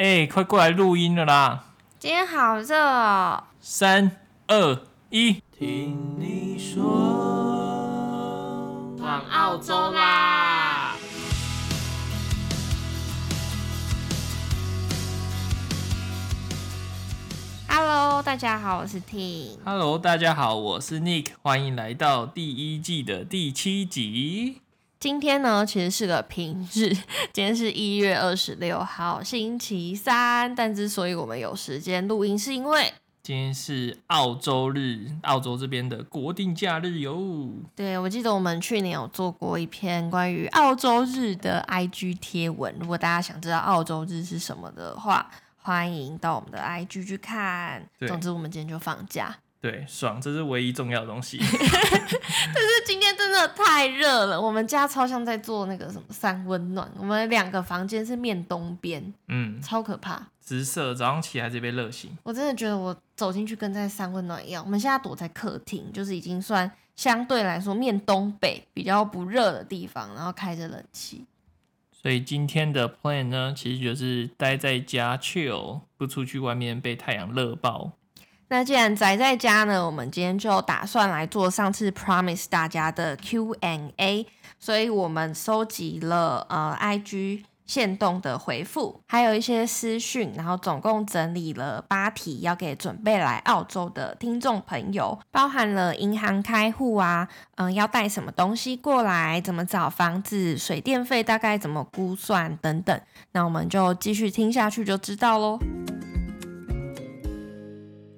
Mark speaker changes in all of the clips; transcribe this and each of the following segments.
Speaker 1: 哎，快過來錄音了啦！今
Speaker 2: 天好熱
Speaker 1: 哦。三二一，聽你說，
Speaker 2: 往澳洲啦，澳洲啦！Hello，大家好，我是 Ting。
Speaker 1: Hello，大家好，我是 Nick，歡迎來到第一季的第七集。
Speaker 2: 今天呢，其實是個平日。今天是一月二十六號，星期三。但之所以我們有時間錄音，是因為今天是澳
Speaker 1: 洲日，澳洲這邊的國定假日喲。
Speaker 2: 對，我記得我們去年有做過一篇關於澳洲日的 IG 貼文。如果大家想知道澳洲日是什麼的話，歡迎到我們的 IG 去看。總之，我們今天就放假。
Speaker 1: 對，爽，這是唯一重要的東西。
Speaker 2: 但是今天真的太熱了，我們家超像在做那個什麼三溫暖，我們兩個房間是面東邊，嗯，超可怕，
Speaker 1: 直射。早上起來還是被熱醒，
Speaker 2: 我真的覺得我走進去跟在三溫暖一樣。我們現在躲在客廳，就是已經算相對來說面東北比較不熱的地方，然後開着冷氣。
Speaker 1: 所以今天的 plan 呢，其實就是待在家 chill，不出去外面被太陽熱爆。
Speaker 2: 那既然宅在家呢，我們今天就打算來做上次 Promise 大家的 Q&A，所以我們收集了呃 IG 限動的回覆，還有一些私訊，然後總共整理了八題，要給準備來澳洲的聽眾朋友，包含了銀行開戶啊，嗯、呃，要帶什麼東西過來，怎麼找房子，水電費大概怎麼估算等等，那我們就繼續聽下去就知道嘍。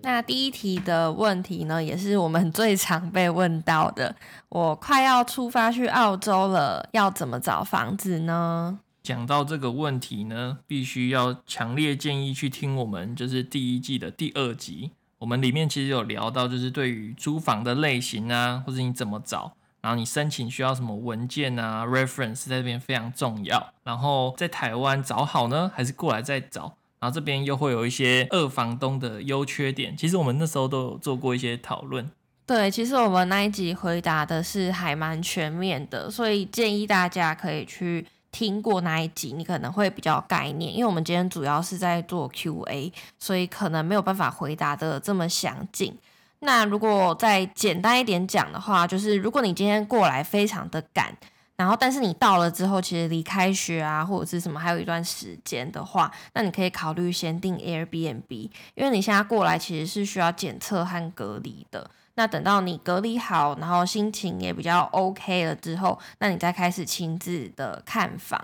Speaker 2: 那第一題的問題呢，也是我們最常被問到的。我快要出發去澳洲了，要怎麼找房子呢？
Speaker 1: 講到這個問題呢，必須要強烈建議去聽我們就是第一季的第二集。我們裡面其實有聊到，就是對於租房的類型啊，或者你怎麼找，然後你申請需要什麼文件啊，reference 在這邊非常重要。然後在台灣找好呢，還是過來再找？然後這邊又會有一些二房東的優缺點，其實我們那時候都有做過一些討論。
Speaker 2: 對，其實我們那一集回答的是還蠻全面的，所以建議大家可以去聽過那一集，你可能會比較概念。因為我們今天主要是在做 Q&A，所以可能沒有辦法回答的這麼詳盡。那如果再簡單一點講的話，就是如果你今天過來非常的趕。然後，但是你到了之後，其實離開學啊，或者是什麼，還有一段時間的話，那你可以考慮先訂 Airbnb，因為你現在過來其實是需要檢測和隔離的。那等到你隔離好，然後心情也比較 OK 了之後，那你再開始親自的看房。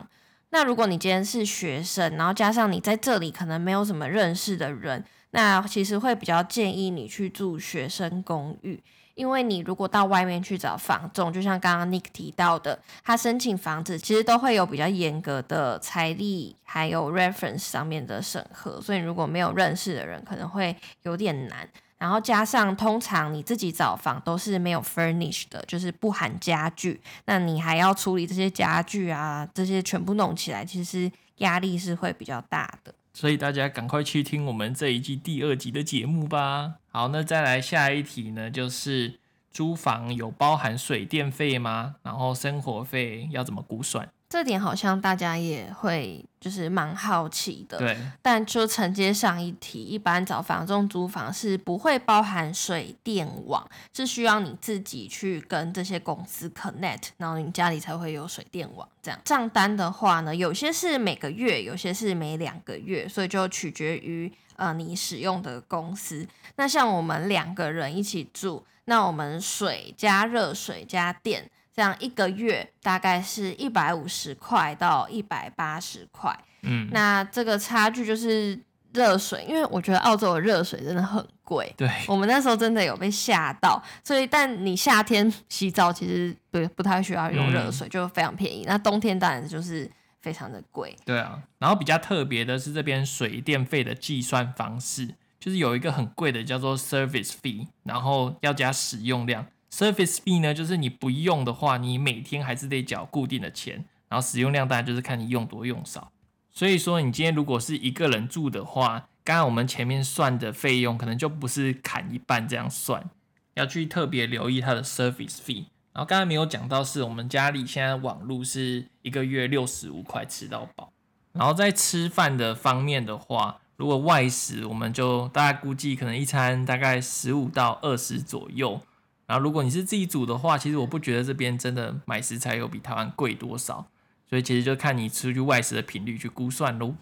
Speaker 2: 那如果你今天是學生，然後加上你在這裡可能沒有什麼認識的人，那其實會比較建議你去住學生公寓。因為你如果到外面去找房仲，就像剛剛 Nick 提到的，他申請房子其實都會有比較嚴格的財力還有 reference 上面的審核，所以如果沒有認識的人，可能會有點難。然後加上通常你自己找房都是沒有 furnish 的，就是不含家具，那你還要處理這些家具啊，這些全部弄起來，其實壓力是會比較大的。
Speaker 1: 所以大家趕快去聽我們這一季第二集的節目吧。好，那再來下一題呢，就是租房有包含水電費嗎？然後生活費要怎麼估算？
Speaker 2: 這點好像大家也會就是蠻好奇的。對。但就承接上一題，一般找房這種租房是不會包含水電網，是需要你自己去跟這些公司 connect，然後你家裡才會有水電網。這樣賬單的話呢，有些是每個月，有些是每兩個月，所以就取決於。呃，你使用的公司，那像我們兩個人一起住，那我們水加熱水加電，這樣一個月大概是一百五十塊到一百八十塊。嗯，那這個差距就是熱水，因為我覺得澳洲的熱水真的很貴。對，我們那時候真的有被嚇到。所以，但你夏天洗澡其實對不太需要用熱水，嗯，就非常便宜。那冬天當然就是。非常的貴，
Speaker 1: 對啊。然後比較特別的是這邊水電費的計算方式，就是有一個很貴的叫做 service fee，然後要加使用量。service fee 呢，就是你不用的話，你每天還是得繳固定的錢，然後使用量大家就是看你用多用少。所以說你今天如果是一個人住的話，剛剛我們前面算的費用可能就不是砍一半這樣算，要去特別留意它的 service fee。然後剛才沒有講到，是我們家裡現在網路是一個月六十五塊吃到飽。然後在吃飯的方面的話，如果外食，我們就大概估計可能一餐大概十五到二十左右。然後如果你是自己煮的話，其實我不覺得這邊真的買食材有比台灣貴多少。所以其實就看你出去外食的頻率去估算嘍。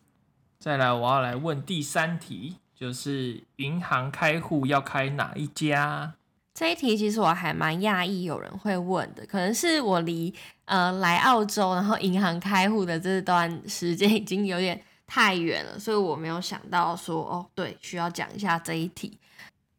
Speaker 1: 再來，我要來問第三題，就是銀行開戶要開哪一家？
Speaker 2: 這一題其實我還蠻訝異有人會問的，可能是我離呃，來澳洲然後銀行開戶的這段時間已經有點太遠了，所以我沒有想到說哦，對，需要講一下這一題。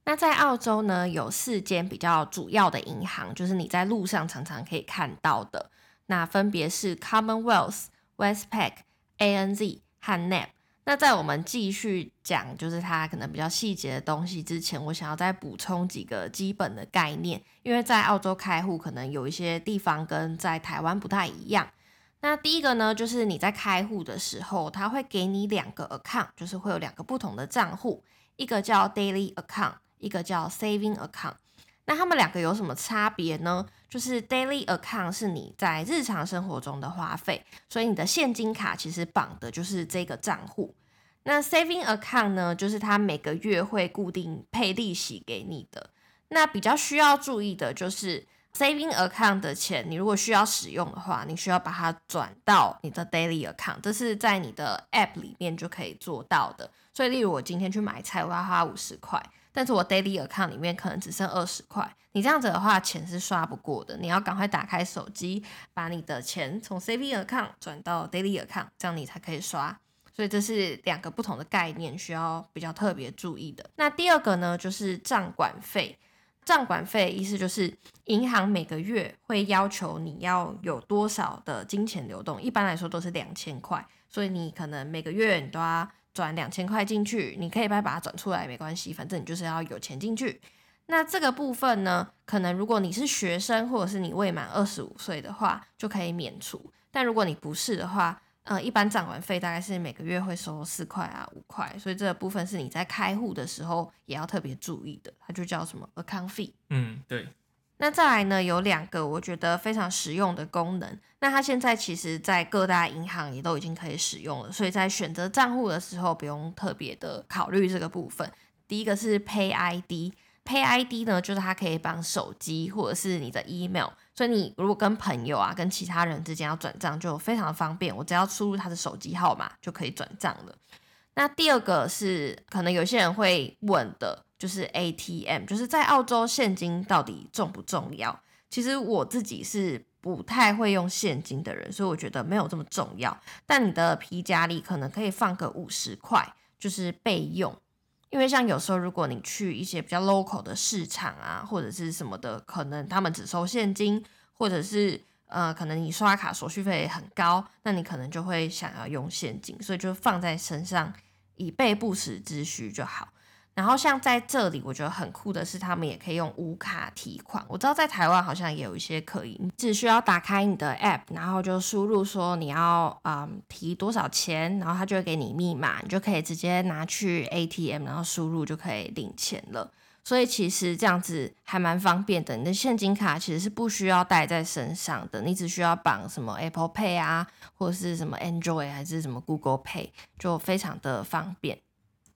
Speaker 2: 那在澳洲呢，有四間比較主要的銀行，就是你在路上常常可以看到的，那分別是 Commonwealth、Westpac、ANZ 和 NAB。那在我們繼續講，就是它可能比較細節的東西之前，我想要再補充幾個基本的概念，因為在澳洲開戶，可能有一些地方跟在台灣不太一樣。那第一個呢，就是你在開戶的時候，它會給你兩個 account，就是會有兩個不同的賬戶，一個叫 daily account，一個叫 saving account。那他們兩個有什麼差別呢？就是 daily account 是你在日常生活中的花費，所以你的現金卡其實綁的就是這個賬戶。那 saving account 呢，就是它每個月會固定配利息給你的。那比較需要注意的就是 saving account 的錢，你如果需要使用的話，你需要把它轉到你的 daily account，這是在你的 app 裡面就可以做到的。所以，例如我今天去買菜，我要花五十塊。但是我 daily account 裡面可能只剩二十塊，你這樣子的話錢是刷不過的，你要趕快打開手機，把你的錢從 saving account 轉到 daily account，這樣你才可以刷。所以這是兩個不同的概念，需要比較特別注意的。那第二個呢，就是賬管費，賬管費意思就是銀行每個月會要求你要有多少的金錢流動，一般來說都是兩千塊，所以你可能每個月你都要。轉兩千塊進去，你可以把它轉出來，沒關係，反正你就是要有錢進去。那這個部分呢，可能如果你是學生或者是你未滿二十五歲的話，就可以免除。但如果你不是的話，呃，一般帳完費大概是每個月會收四塊啊五塊，所以這個部分是你在開戶的時候也要特別注意的，它就叫什麼 account fee。嗯，對。那再來呢，有兩個我覺得非常實用的功能。那它現在其實，在各大銀行也都已經可以使用了，所以在選擇賬戶的時候，不用特別的考慮這個部分。第一個是 Pay ID，Pay ID 呢，就是它可以綁手機或者是你的 email，所以你如果跟朋友啊，跟其他人之間要轉賬，就非常方便。我只要輸入他的手機號碼，就可以轉賬了。那第二個是，可能有些人會問的。就是 ATM，就是在澳洲現金到底重不重要？其實我自己是不太會用現金的人，所以我覺得沒有這麼重要。但你的皮夾裡可能可以放個五十塊，就是備用。因為像有時候如果你去一些比較 local 的市場啊，或者是什麼的，可能他們只收現金，或者是呃，可能你刷卡手續費很高，那你可能就會想要用現金，所以就放在身上，以備不時之需就好。然後像在這裡，我覺得很酷的是，他們也可以用無卡提款。我知道在台灣好像也有一些可以，你只需要打開你的 App，然後就輸入說你要嗯提多少錢，然後他就會給你密碼，你就可以直接拿去 ATM，然後輸入就可以領錢了。所以其實這樣子還蠻方便的。你的現金卡其實是不需要帶在身上的，你只需要綁什麼 Apple Pay 啊，或者是什麼 Android 還是什麼 Google Pay，就非常的方便。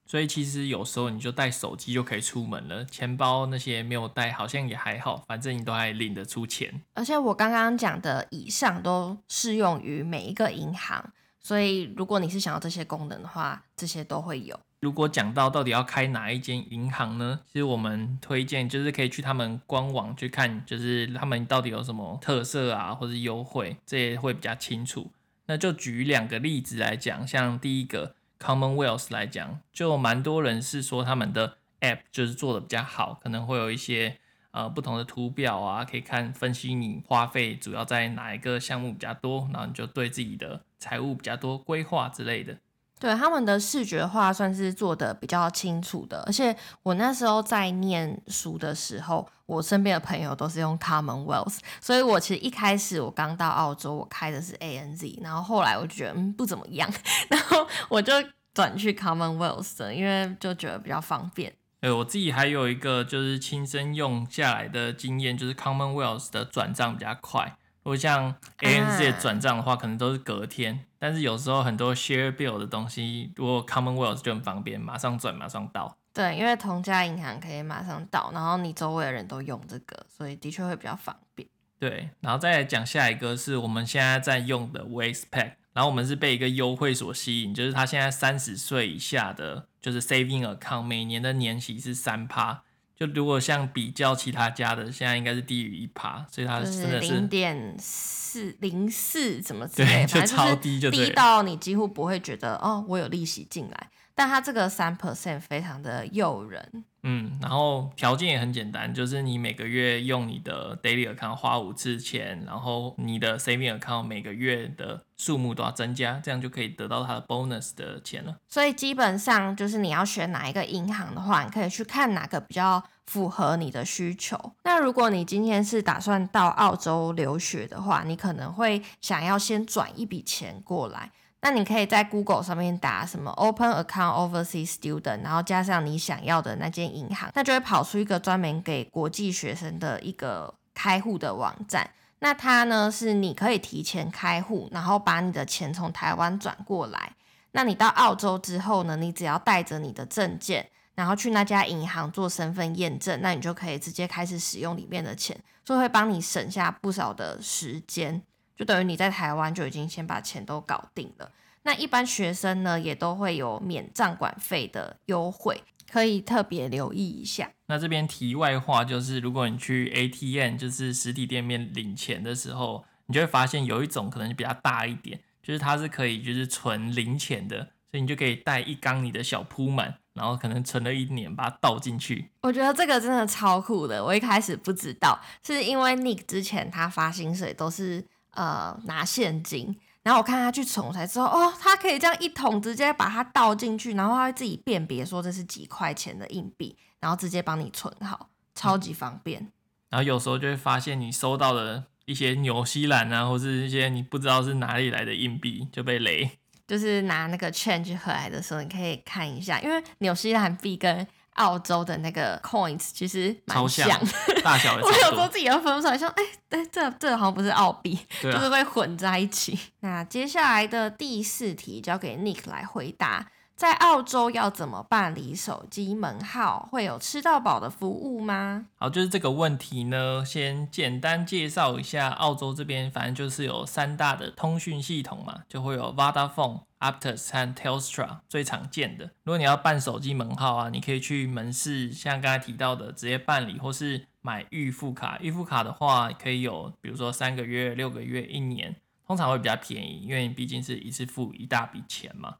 Speaker 1: 所以其實有時候你就帶手機就可以出門了，錢包那些沒有帶好像也還好，反正你都還領得出錢。
Speaker 2: 而且我剛剛講的以上都適用於每一個銀行，所以如果你是想要這些功能的話，這些都會有。
Speaker 1: 如果講到到底要開哪一間銀行呢？其實我們推薦就是可以去他們官網去看，就是他們到底有什麼特色啊，或是優惠這些會比較清楚。那就舉兩個例子來講，像第一個。Commonwealth 來講，就蠻多人是說他們的 app 就是做的比較好，可能會有一些呃不同的圖表啊，可以看分析你花費主要在哪一個項目比較多，然後你就對自己的財務比較多規劃之類的。
Speaker 2: 對他們的視覺化算是做得比較清楚的，而且我那時候在唸書的時候，我身邊的朋友都是用 Commonwealth，所以我其實一開始我剛到澳洲，我開的是 ANZ，然後後來我就覺得嗯不怎麼樣，然後我就轉去 Commonwealth 的，因為就覺得比較方便。
Speaker 1: 對，我自己還有一個就是親身用下來的經驗，就是 Commonwealth 的轉賬比較快。如果像 A N Z 轉賬的話，啊，可能都是隔天，但是有時候很多 share bill 的東西，如果 Commonwealth 就很方便，馬上轉，馬上到。
Speaker 2: 對，因為同家銀行可以馬上到，然後你周圍的人都用這個，所以的確會比較方便。
Speaker 1: 對，然後再來講下一個是我們現在在用的 Westpac，然後我們是被一個優惠所吸引，就是他現在三十歲以下的，就是 saving Account，每年的年息是三趴。就如果像比較其他家的，現在應該是低於一趴，所以它是零
Speaker 2: 點四零四，怎麼之類之類，就超低就對，就低到你幾乎不會覺得哦，我有利息進來。但它這個三 percent 非常的誘人，
Speaker 1: 嗯，然後條件也很簡單，就是你每個月用你的 daily account 花五次錢，然後你的 saving account 每個月的數目都要增加，這樣就可以得到它的 bonus 的錢了。
Speaker 2: 所以基本上就是你要選哪一個銀行的話，你可以去看哪個比較符合你的需求。那如果你今天是打算到澳洲留學的話，你可能會想要先轉一筆錢過來。那你可以在 Google 上面打什麼 Open Account Overseas Student，然後加上你想要的那間銀行，那就會跑出一個專門給國際學生的一個開戶的網站。那它呢是你可以提前開戶，然後把你的錢從台灣轉過來。那你到澳洲之後呢，你只要帶着你的證件，然後去那家銀行做身份驗證，那你就可以直接開始使用裡面的錢，就會幫你省下不少的時間。就等於你在台灣就已經先把錢都搞定了。那一般學生呢，也都會有免賬管費的優惠，可以特別留意一下。
Speaker 1: 那這邊題外話就是，如果你去 ATM 就是實體店面領錢的時候，你就會發現有一種可能比較大一點，就是它是可以就是存零錢的，所以你就可以帶一缸，你的小撲滿，然後可能存了一年把它倒進去。
Speaker 2: 我覺得這個真的超酷的，我一開始不知道，是因為 Nick 之前他發薪水都是。呃，拿現金，然後我看他去存，我才知道哦，他可以這樣一桶直接把它倒進去，然後他會自己辨別說這是幾塊錢的硬幣，然後直接幫你存好，超級方便。
Speaker 1: 嗯、然後有時候就會發現你收到的一些紐西蘭啊，或是一些你不知道是哪裡來的硬幣就被雷。
Speaker 2: 就是拿那個券去 a n 回來的時候，你可以看一下，因為紐西蘭幣跟。澳洲的那個 coins 其實蠻像，像，
Speaker 1: 大小，我有時候自
Speaker 2: 己都分不出來，像，哎，這這好像不是澳幣，啊，就是會混在一起。那接下來的第四題交給 Nick 來回答。在澳洲要怎麼辦理手機門號？會有吃到飽的服務嗎？
Speaker 1: 好，就是這個問題呢。先簡單介紹一下澳洲這邊，反正就是有三大的通訊系統嘛，就會有 Vodafone、Optus 和 Telstra 最常見的。如果你要辦手機門號啊，你可以去門市，像剛才提到的直接辦理，或是買預付卡。預付卡的話，可以有，比如說三個月、六個月、一年，通常會比較便宜，因為畢竟是一次付一大筆錢嘛。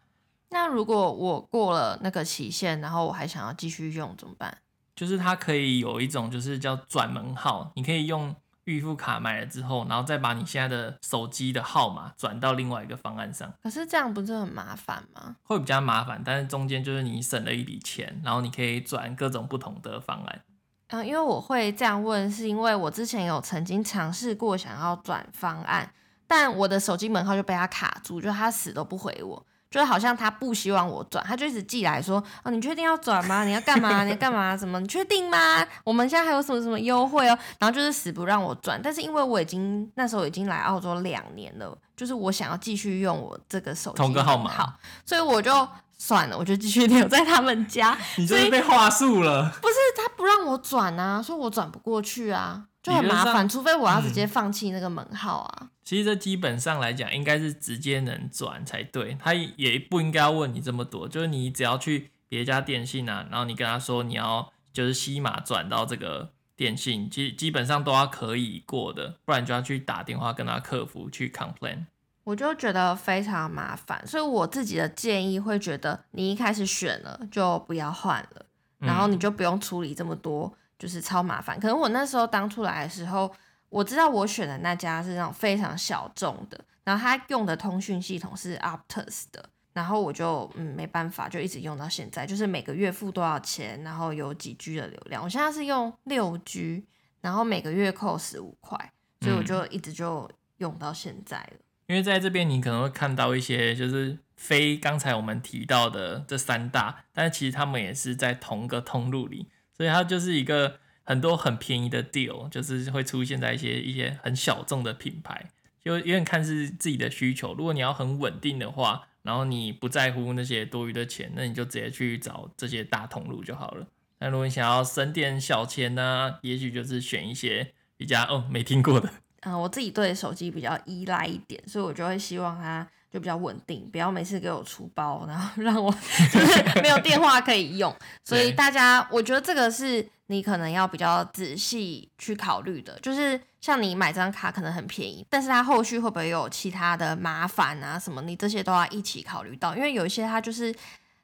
Speaker 2: 那如果我過了那個期限，然後我還想要繼續用怎麼辦？
Speaker 1: 就是它可以有一種就是叫轉門號，你可以用預付卡買了之後，然後再把你現在的手機的號碼轉到另外一個方案上。
Speaker 2: 可是這樣不是很麻煩嗎？
Speaker 1: 會比較麻煩，但是中間就是你省了一筆錢，然後你可以轉各種不同的方案。
Speaker 2: 嗯，因為我會這樣問，是因為我之前有曾經嘗試過想要轉方案，但我的手機門號就被他卡住，就他死都不回我。就好像他不希望我轉，他就一直寄來說：“哦，你確定要轉嗎？你要幹嘛？你要幹嘛？什麼？你確定嗎？我們現在還有什麼什麼優惠哦？”然後就是死不讓我轉，但是因為我已經那時候已經來澳洲兩年了，就是我想要繼續用我這個手機號碼，好，所以我就算了，我就繼續留在他們家。你就是被話
Speaker 1: 術了，
Speaker 2: 不是他不讓我轉啊，說我轉不過去啊。就很麻煩，除非我要直接放棄那個門號啊、嗯。
Speaker 1: 其實這基本上來講，應該是直接能轉才對，他也不應該問你這麼多。就是你只要去別家電信啊，然後你跟他說你要就是攜碼轉到這個電信，基基本上都要可以過的，不然你就要去打電話跟他客服去 complain。
Speaker 2: 我就覺得非常麻煩，所以我自己的建議會覺得，你一開始選了就不要換了、嗯，然後你就不用處理這麼多。就是超麻煩，可能我那時候當初來的時候，我知道我選的那家是那種非常小眾的，然後他用的通訊系統是 Optus 的，然後我就嗯，沒辦法，就一直用到現在，就是每個月付多少錢，然後有幾 G 的流量。我現在是用六 G，然後每個月扣十五塊，所以我就一直就用到現在了。
Speaker 1: 嗯、因為在這邊你可能會看到一些就是非剛才我們提到的這三大，但是其實他們也是在同個通路裡。所以它就是一個很多很便宜的 deal，就是會出現在一些一些很小眾的品牌，就因為看是自己的需求。如果你要很穩定的話，然後你不在乎那些多餘的錢，那你就直接去找這些大通路就好了。那如果你想要省點小錢呢、啊，也許就是選一些比較哦沒聽過的。嗯、
Speaker 2: 呃，我自己對手機比較依賴一點，所以我就會希望它。就比較穩定，不要每次給我出包，然後讓我就是沒有電話可以用。 所以大家，我覺得這個是你可能要比較仔細去考慮的，就是像你買張卡可能很便宜，但是它後續會不會有其他的麻煩啊？什麼你這些都要一起考慮到，因為有一些它就是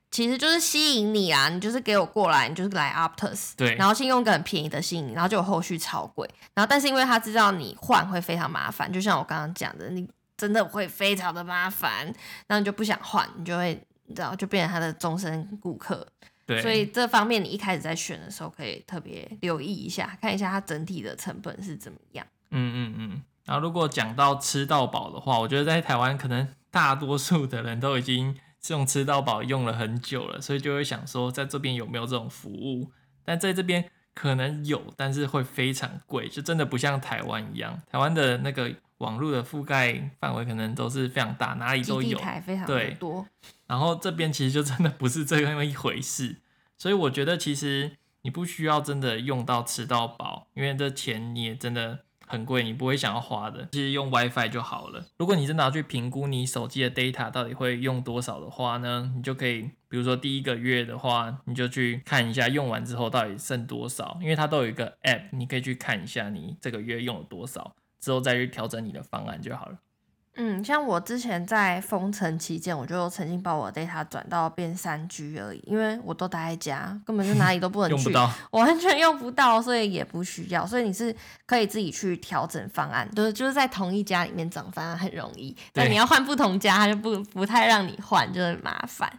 Speaker 2: 其實就是吸引你啊，你就是給我過來，你就是來 Optus，對，然後先用個很便宜的吸引你，然後就有後續超貴，然後但是因為他知道你換會非常麻煩，就像我剛剛講的你。真的會非常的麻煩，然後就不想換，你就會，你知道，然後就變成他的終身顧客。對，所以這方面你一開始在選的時候可以特別留意一下，看一下它整體的成本是怎麼樣。
Speaker 1: 嗯嗯嗯。然後如果講到吃到飽的話，我覺得在台灣可能大多數的人都已經這種吃到飽用了很久了，所以就會想說在這邊有沒有這種服務。但在這邊可能有，但是會非常貴，就真的不像台灣一樣，台灣的那個。網絡的覆蓋範圍可能都是非常大，哪裡都有，對，多。然後這邊其實就真的不是這樣一回事，所以我覺得其實你不需要真的用到吃到飽，因為這錢你也真的很貴，你不會想要花的，其實用 WiFi 就好了。如果你真的拿去評估你手機的 data 到底會用多少的話呢，你就可以，比如說第一個月的話，你就去看一下用完之後到底剩多少，因為它都有一個 app，你可以去看一下你這個月用了多少。之後再去調整你的方案就好了。
Speaker 2: 嗯，像我之前在封城期間，我就曾經把我的 data 轉到變三 G 而已，因為我都待在家，根本就哪裡都不能去， 用不到，我完全用不到，所以也不需要。所以你是可以自己去調整方案，就是就是在同一家裡面轉方案很容易，但你要換不同家，他就不不太讓你換，就是很麻煩。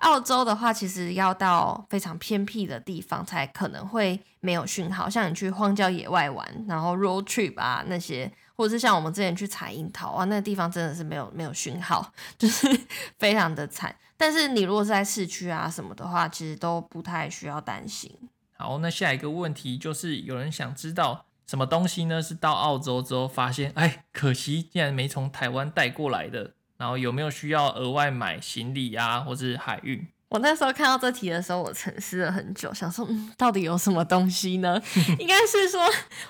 Speaker 2: 澳洲的話，其實要到非常偏僻的地方才可能會沒有訊號，像你去荒郊野外玩，然後 road trip 啊，那些，或者是像我們之前去採櫻桃啊，那個地方真的是沒有沒有訊號，就是呵呵，非常的慘。但是你如果是在市區啊什麼的話，其實都不太需要擔心。
Speaker 1: 好，那下一個問題就是有人想知道什麼東西呢？是到澳洲之後發現，哎，可惜竟然沒從台灣帶過來的。然後有沒有需要額外買行李啊，或是海運？
Speaker 2: 我那時候看到這題的時候，我沉思了很久，想說，嗯，到底有什麼東西呢？ 應該是說，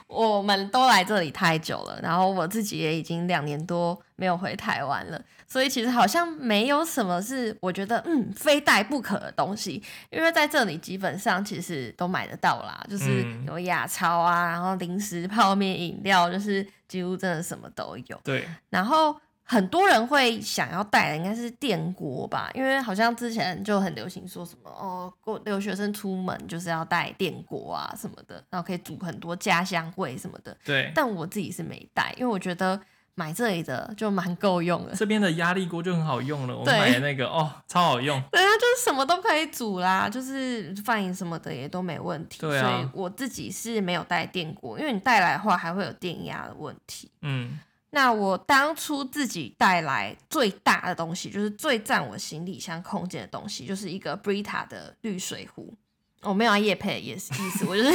Speaker 2: 我們都來這裡太久了，然後我自己也已經兩年多沒有回台灣了，所以其實好像沒有什麼是我覺得，嗯，非帶不可的東西，因為在這裡基本上其實都買得到啦，就是有亞超啊，然後零食、泡麵、飲料，就是幾乎真的什麼都有。對，然後。很多人會想要帶的應該是電鍋吧，因為好像之前就很流行說什麼哦，留學生出門就是要帶電鍋啊什麼的，然後可以煮很多家鄉味什麼的。對，但我自己是沒帶，因為我覺得買這裡的就蠻夠用了。
Speaker 1: 這邊的壓力鍋就很好用了，我買的那個哦，超好用。
Speaker 2: 對啊，就是什麼都可以煮啦，就是飯什麼的也都沒問題。對啊，所以我自己是沒有帶電鍋，因為你帶來的話還會有電壓的問題。嗯。那我當初自己帶來最大的東西，就是最占我行李箱空間的東西，就是一個 Brita 的濾水壺。我、oh，沒有要、啊、業配，也是意思，我就是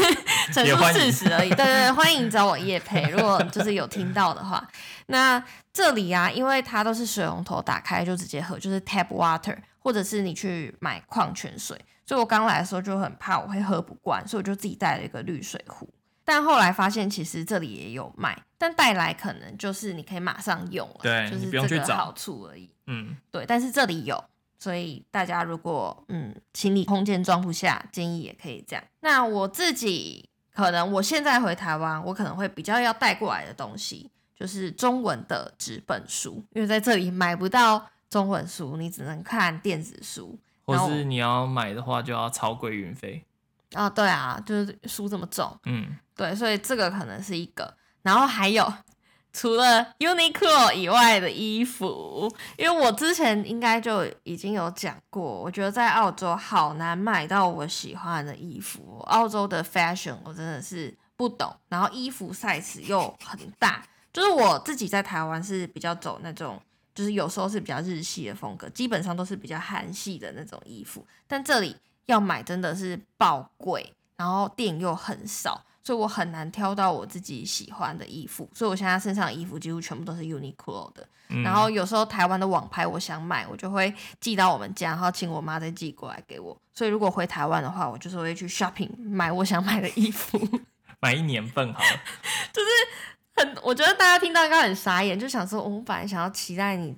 Speaker 2: 陳述事實而已。對，對對，歡迎找我業配， 如果就是有聽到的話。那這裡啊，因為它都是水龍頭打開就直接喝，就是 tap water，或者是你去買礦泉水。所以我剛來的時候就很怕我會喝不慣，所以我就自己帶了一個濾水壺。但後來發現，其實這裡也有賣，但帶來可能就是你可以馬上用了，對，就是這個好處而已，你不用去找。嗯，對。但是這裡有，所以大家如果嗯行李空間裝不下，建議也可以這樣。那我自己可能我現在回台灣，我可能會比較要帶過來的東西就是中文的紙本書，因為在這裡買不到中文書，你只能看電子書，或是
Speaker 1: 你要買的話就要超貴運費。
Speaker 2: 啊、哦，對啊，就是書這麼重，嗯，對，所以這個可能是一個，然後還有除了 Uniqlo 以外的衣服，因為我之前應該就已經有講過，我覺得在澳洲好難買到我喜歡的衣服，澳洲的 fashion 我真的是不懂，然後衣服 size 又很大，就是我自己在台灣是比較走那種，就是有時候是比較日系的風格，基本上都是比較韓系的那種衣服，但這裡要買真的是爆貴，然後店又很少，所以我很難挑到我自己喜歡的衣服，所以我現在身上的衣服幾乎全部都是 Uniqlo 的。嗯、然後有時候台灣的網拍我想買，我就會寄到我們家，然後請我媽再寄過來給我。所以如果回台灣的話，我就是會去 shopping 買我想買的衣服，
Speaker 1: 買一年份好了。 就
Speaker 2: 是很，我覺得大家聽到應該很傻眼，就想說，我本來想要期待你。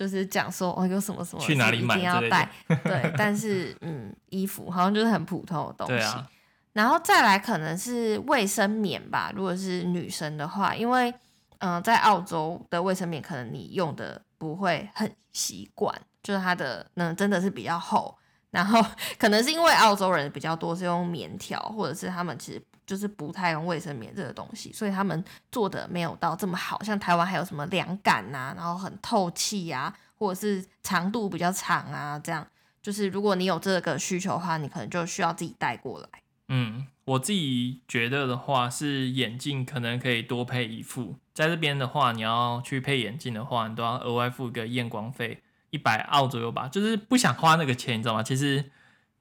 Speaker 2: 就是講說我、哦、有什麼什麼去哪裡買一定要帶，對、對、對， 對。但是嗯，衣服好像就是很普通的東西。對、啊、然後再來可能是衛生棉吧。如果是女生的話，因為嗯、呃，在澳洲的衛生棉可能你用的不會很習慣，就是它的嗯真的是比較厚。然後可能是因為澳洲人比較多是用棉條，或者是他們其實。就是不太用衛生棉這個東西，所以他們做得沒有到這麼好。像台灣還有什麼涼感吶、啊，然後很透氣呀、啊，或者是長度比較長啊，這樣。就是如果你有這個需求的話，你可能就需要自己帶過來。
Speaker 1: 嗯，我自己覺得的話，是眼鏡可能可以多配一副。在這邊的話，你要去配眼鏡的話，你都要額外付一個驗光費，一百澳左右吧。就是不想花那個錢，你知道嗎？其實。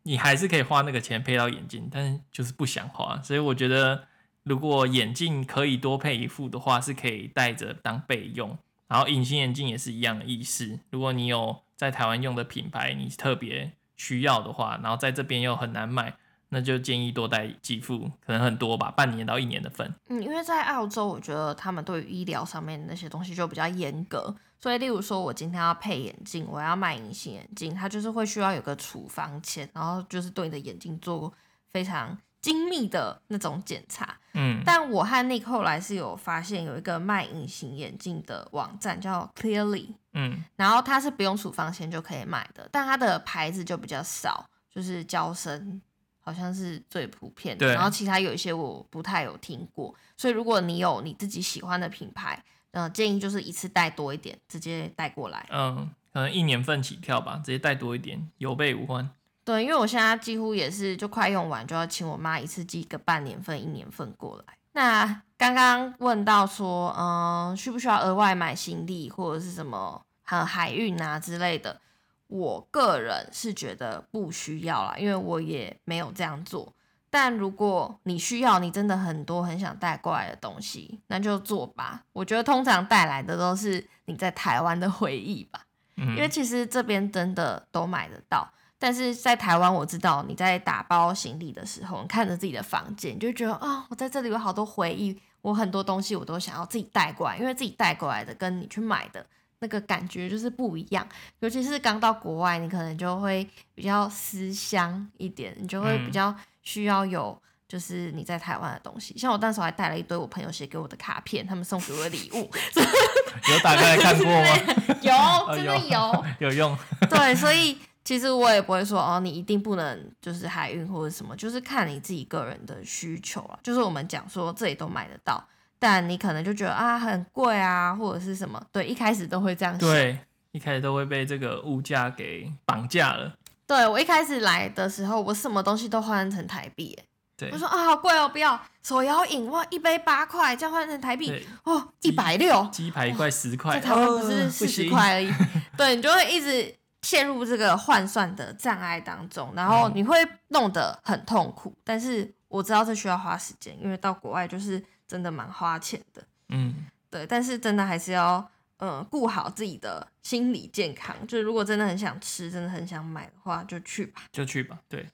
Speaker 1: 你還是可以花那個錢配到眼鏡，但是就是不想花。所以我覺得，如果眼鏡可以多配一副的話，是可以戴着當備用。然後隱形眼鏡也是一樣的意思。如果你有在台灣用的品牌，你特別需要的話，然後在這邊又很難買，那就建議多帶幾副，可能很多吧，半年到一年的份。
Speaker 2: 嗯，因為在澳洲，我覺得他們對於醫療上面那些東西就比較嚴格。所以，例如說，我今天要配眼鏡，我要賣隱形眼鏡，它就是會需要有個處方簽，然後就是對你的眼睛做非常精密的那種檢查。嗯。但我和 Nick 後來是有發現，有一個賣隱形眼鏡的網站叫 Clearly。嗯。然後它是不用處方簽就可以買的，但它的牌子就比較少，就是嬌生好像是最普遍的，然後其他有一些我不太有聽過。所以，如果你有你自己喜歡的品牌。嗯，建議就是一次帶多一點，直接帶過來。
Speaker 1: 嗯，可能一年份起跳吧，直接帶多一點，有備無患。
Speaker 2: 對，因為我現在幾乎也是，就快用完，就要請我媽一次寄個半年份、一年份過來。那剛剛問到說，嗯，需不需要額外買行李或者是什麼還有海運啊之類的？我個人是覺得不需要啦，因為我也沒有這樣做。但如果你需要，你真的很多很想帶過來的東西，那就做吧。我覺得通常帶來的都是你在台灣的回憶吧，因為其實這邊真的都買得到。但是在台灣，我知道你在打包行李的時候，你看着自己的房間，就覺得啊、哦，我在這裡有好多回憶，我很多東西我都想要自己帶過來，因為自己帶過來的跟你去買的那個感覺就是不一樣。尤其是剛到國外，你可能就會比較思鄉一點，你就會比較。需要有就是你在台灣的東西，像我當時還帶了一堆我朋友寫給我的卡片，他們送給我的禮物。 有打開來看
Speaker 1: 過嗎？ 有、呃，真的有有，有用。
Speaker 2: 對，所以其實我也不會說哦，你一定不能就是海運或者什麼，就是看你自己個人的需求了、啊。就是我們講說這裡都買得到，但你可能就覺得啊很貴啊或者是什麼，對，一開始都會這樣。對，
Speaker 1: 一開始都會被這個物價給綁架了。
Speaker 2: 對我一開始來的時候，我什麼東西都換成台幣。對，我說啊，好貴哦，不要。手搖飲哇，一杯八塊，再換成台幣哦，一百六。
Speaker 1: 雞排一塊十塊，這台灣不是四十塊而已、哦。
Speaker 2: 對，你就會一直陷入這個換算的障礙當中，然後你會弄得很痛苦。嗯、但是我知道這需要花時間，因為到國外就是真的蠻花錢的。嗯，對，但是真的還是要。呃、嗯，顧好自己的心理健康。就是如果真的很想吃，真的很想買的話，就去吧，就去吧。對，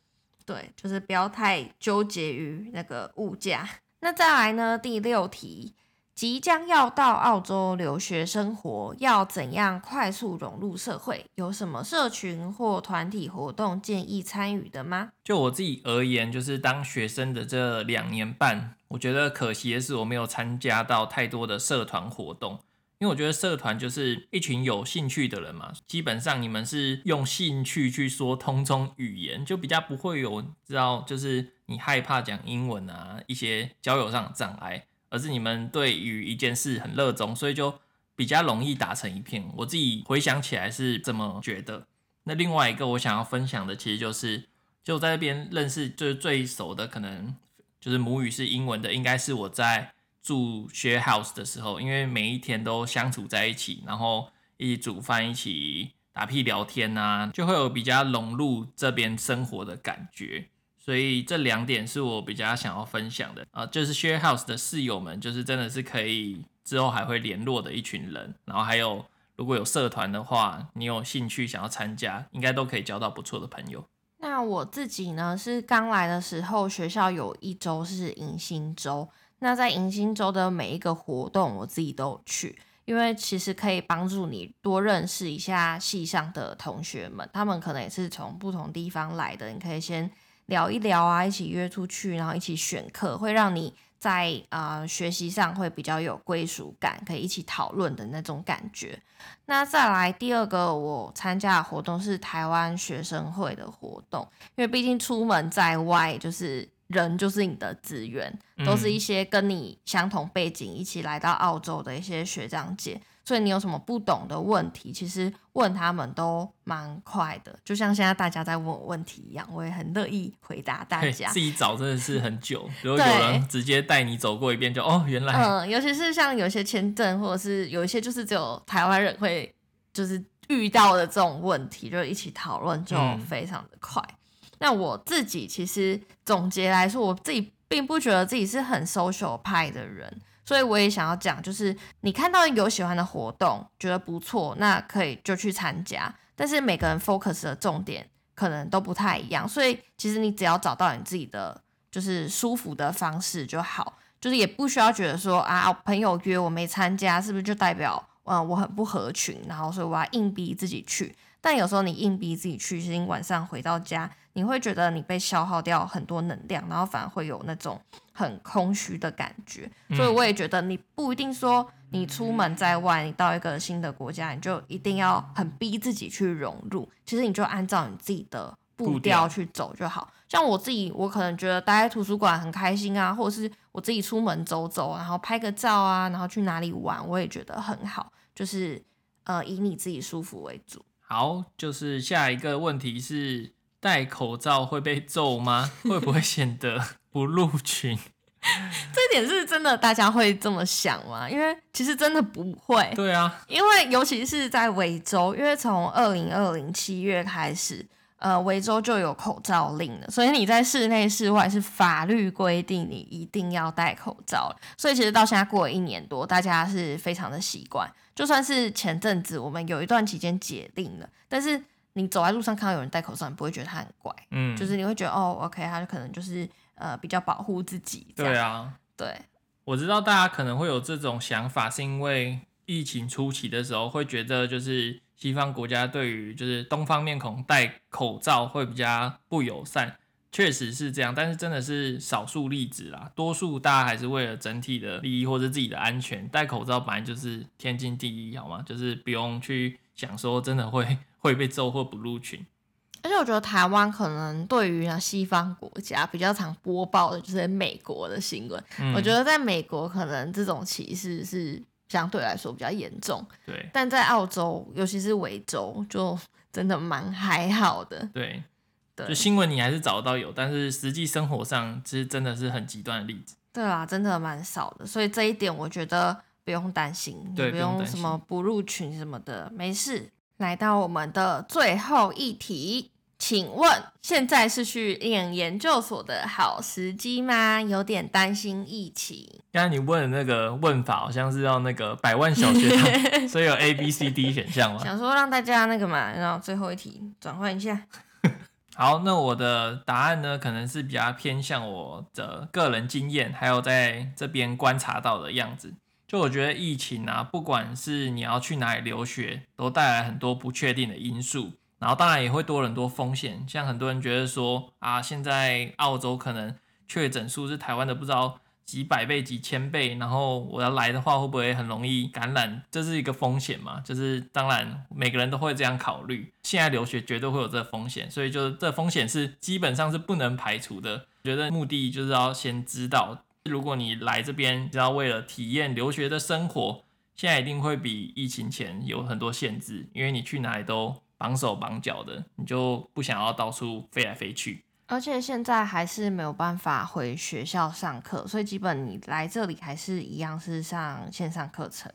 Speaker 2: 對，就是不要太糾結於那個物價。那再來呢？第六題，即將要到澳洲留學生活，要怎樣快速融入社會？有什麼社群或團體活動建議參與的嗎？
Speaker 1: 就我自己而言，就是當學生的這兩年半，我覺得可惜的是我沒有參加到太多的社團活動。因為我覺得社團就是一群有興趣的人嘛，基本上你們是用興趣去說通通語言，就比較不會有，知道就是你害怕講英文啊，一些交友上的障礙，而是你們對於一件事很熱衷，所以就比較容易打成一片。我自己回想起來是這麼覺得。那另外一個我想要分享的，其實就是就在那邊認識，就是最熟的，可能就是母語是英文的，應該是我在。住 share house 的時候，因為每一天都相處在一起，然後一起煮飯、一起打屁聊天啊，就會有比較融入這邊生活的感覺。所以這兩點是我比較想要分享的啊、呃，就是 share house 的室友們，就是真的是可以之後還會聯絡的一群人。然後還有，如果有社團的話，你有興趣想要參加，應該都可以交到不錯的朋友。
Speaker 2: 那我自己呢，是剛來的時候，學校有一周是迎新周。那在迎新周的每一個活動，我自己都有去，因為其實可以幫助你多認識一下系上的同學們，他們可能也是從不同地方來的，你可以先聊一聊啊，一起約出去，然後一起選課，會讓你在啊、呃、學習上會比較有歸屬感，可以一起討論的那種感覺。那再來第二個，我參加的活動是台灣學生會的活動，因為畢竟出門在外就是。人就是你的資源，都是一些跟你相同背景一起來到澳洲的一些學長姐，所以你有什麼不懂的問題，其實問他們都蠻快的，就像現在大家在問我問題一樣，我也很樂意回答大家。自己
Speaker 1: 找真的是很久，如果有人直接帶你走過一遍就，就哦原來，嗯，
Speaker 2: 尤其是像有些簽證，或者是有一些就是只有台灣人會就是遇到的這種問題，就一起討論就非常的快。嗯那我自己其實總結來說，我自己並不覺得自己是很 social 派的人，所以我也想要講，就是你看到你有喜歡的活動，覺得不錯，那可以就去參加。但是每個人 focus 的重點可能都不太一樣，所以其實你只要找到你自己的就是舒服的方式就好，就是也不需要覺得說啊我朋友約我沒參加，是不是就代表嗯、啊、我很不合群，然後所以我要硬逼自己去。但有時候你硬逼自己去，是因為晚上回到家。你會覺得你被消耗掉很多能量，然後反而會有那種很空虛的感覺。嗯，所以我也覺得你不一定說你出門在外，你到一個新的國家，你就一定要很逼自己去融入。其實你就按照你自己的步調去走就好。像我自己，我可能覺得待在圖書館很開心啊，或者是我自己出門走走，然後拍個照啊，然後去哪裡玩，我也覺得很好。就是呃，以你自己舒服為主。
Speaker 1: 好，就是下一個問題是。戴口罩會被揍嗎？會不會顯得不入群？
Speaker 2: 這點是真的，大家會這麼想嗎？因為其實真的不會。對啊，因為尤其是在維州，因為從二零二零年七月開始，呃，維州就有口罩令了，所以你在室內、室外是法律規定你一定要戴口罩。所以其實到現在過了一年多，大家是非常的習慣。就算是前陣子我們有一段期間解令了，但是。你走在路上看到有人戴口罩，你不會覺得他很怪，嗯，就是你會覺得哦，OK，他可能就是呃比較保護自己。對啊，
Speaker 1: 對，我知道大家可能會有這種想法，是因為疫情初期的時候會覺得，就是西方國家對於就是東方面孔戴口罩會比較不友善，確實是這樣，但是真的是少數例子啦，多數大家還是為了整體的利益或者自己的安全戴口罩，本來就是天經地義，好嗎？就是不用去。想說真的會會被揍或不入群，
Speaker 2: 而且我覺得台灣可能對於啊西方國家比較常播報的就是美國的新聞，嗯，我覺得在美國可能這種歧視是相對來說比較嚴重，對，但在澳洲尤其是維州就真的蠻還好的，
Speaker 1: 對，就新聞你還是找得到有，但是實際生活上其實真的是很極端的例子，
Speaker 2: 對啊，真的蠻少的，所以這一點我覺得。不用擔心，不用，不用什麼不入群什麼的，沒事。來到我們的最後一題，請問現在是去念研究所的好時機嗎？有點擔心疫情。
Speaker 1: 剛才你問的那個問法好像是要那個百萬小學堂， 所以有 A B C D 選項嗎？
Speaker 2: 想說讓大家那個嘛，然後最後一題轉換一下。
Speaker 1: 好，那我的答案呢，可能是比較偏向我的個人經驗，還有在這邊觀察到的樣子。就我覺得疫情啊，不管是你要去哪裡留學，都帶來很多不確定的因素，然後當然也會多很多風險。像很多人覺得說啊，現在澳洲可能確診數是台灣的不知道幾百倍、幾千倍，然後我要來的話會不會很容易感染？這是一個風險嘛？就是當然每個人都會這樣考慮，現在留學絕對會有這風險，所以就這風險是基本上是不能排除的。我覺得目的就是要先知道。如果你來這邊，只要為了體驗留學的生活，現在一定會比疫情前有很多限制，因為你去哪裡都綁手綁腳的，你就不想要到處飛來飛去。
Speaker 2: 而且現在還是沒有辦法回學校上課，所以基本你來這裡還是一樣是上線上課程。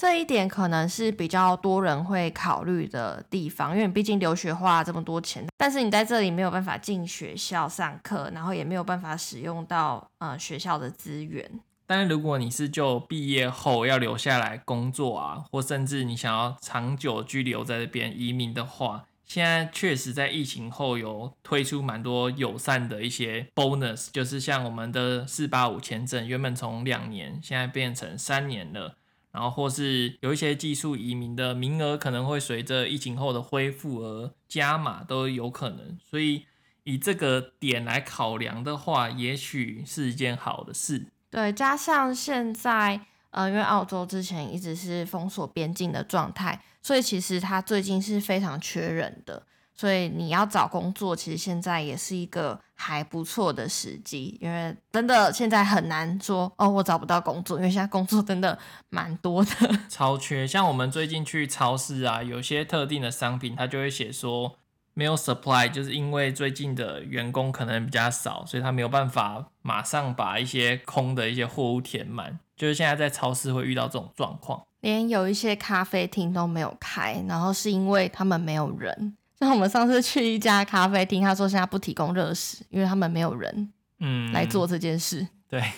Speaker 2: 這一點可能是比較多人會考慮的地方，因為畢竟留學花這麼多錢，但是你在這裡沒有辦法進學校上課，然後也沒有辦法使用到呃學校的資源。
Speaker 1: 但是如果你是就畢業後要留下來工作啊，或甚至你想要長久居留在這邊移民的話，現在確實在疫情後有推出蠻多友善的一些 bonus，就是像我們的四八五簽證，原本從兩年現在變成三年了。然後，或是有一些技術移民的名額，可能會隨着疫情後的恢復而加碼，都有可能。所以，以這個點來考量的話，也許是一件好的事。
Speaker 2: 對，加上現在，呃，因為澳洲之前一直是封鎖邊境的狀態，所以其實它最近是非常缺人的。所以你要找工作，其實現在也是一個還不錯的時機，因為真的現在很難說哦，我找不到工作，因為現在工作真的蠻多的，
Speaker 1: 超缺。像我們最近去超市啊，有些特定的商品，他就會寫說沒有 supply，就是因為最近的員工可能比較少，所以他沒有辦法馬上把一些空的一些貨物填滿。就是現在在超市會遇到這種狀況，
Speaker 2: 連有一些咖啡廳都沒有開，然後是因為他們沒有人。那我們上次去一家咖啡廳，他說現在不提供熱食，因為他們沒有人嗯，
Speaker 1: 來做這件事。嗯，對，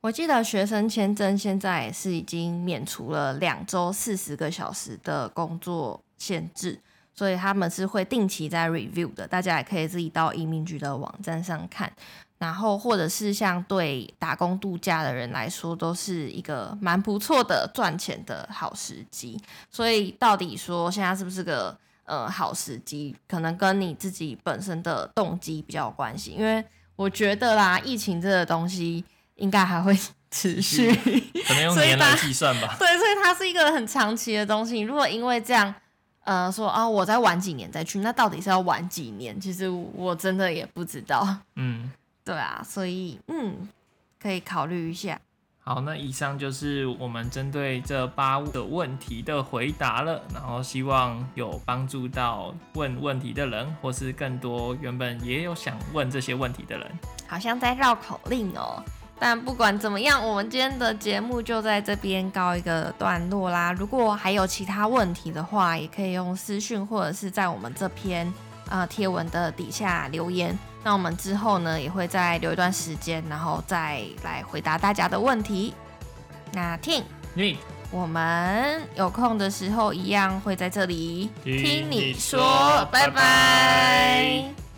Speaker 2: 我記得學生簽證現在也是已經免除了兩周四十個小時的工作限制，所以他們是會定期在 review 的。大家也可以自己到移民局的網站上看，然後或者是像對打工度假的人來說，都是一個蠻不錯的賺錢的好時機。所以到底說現在是不是個？呃，好時機可能跟你自己本身的動機比較有關係，因為我覺得啦，疫情這個東西應該還會持續，嗯，可能用年來計算吧。對，所以它是一個很長期的東西。如果因為這樣，呃，說啊、哦，我再晚幾年再去，那到底是要晚幾年？其實我真的也不知道。嗯，對啊，所以嗯，可以考慮一下。
Speaker 1: 好，那以上就是我們針對這八個問題的回答了。然後希望有幫助到問問題的人，或是更多原本也有想問這些問題的人。
Speaker 2: 好像在繞口令哦。但不管怎麼樣，我們今天的節目就在這邊告一個段落啦。如果還有其他問題的話，也可以用私訊或者是在我們這篇。啊、呃，貼文的底下留言，那我們之後呢，也會再留一段時間，然後再來回答大家的問題。那聽你，我們有空的時候一樣會在這裡聽你說，你拜拜。拜拜。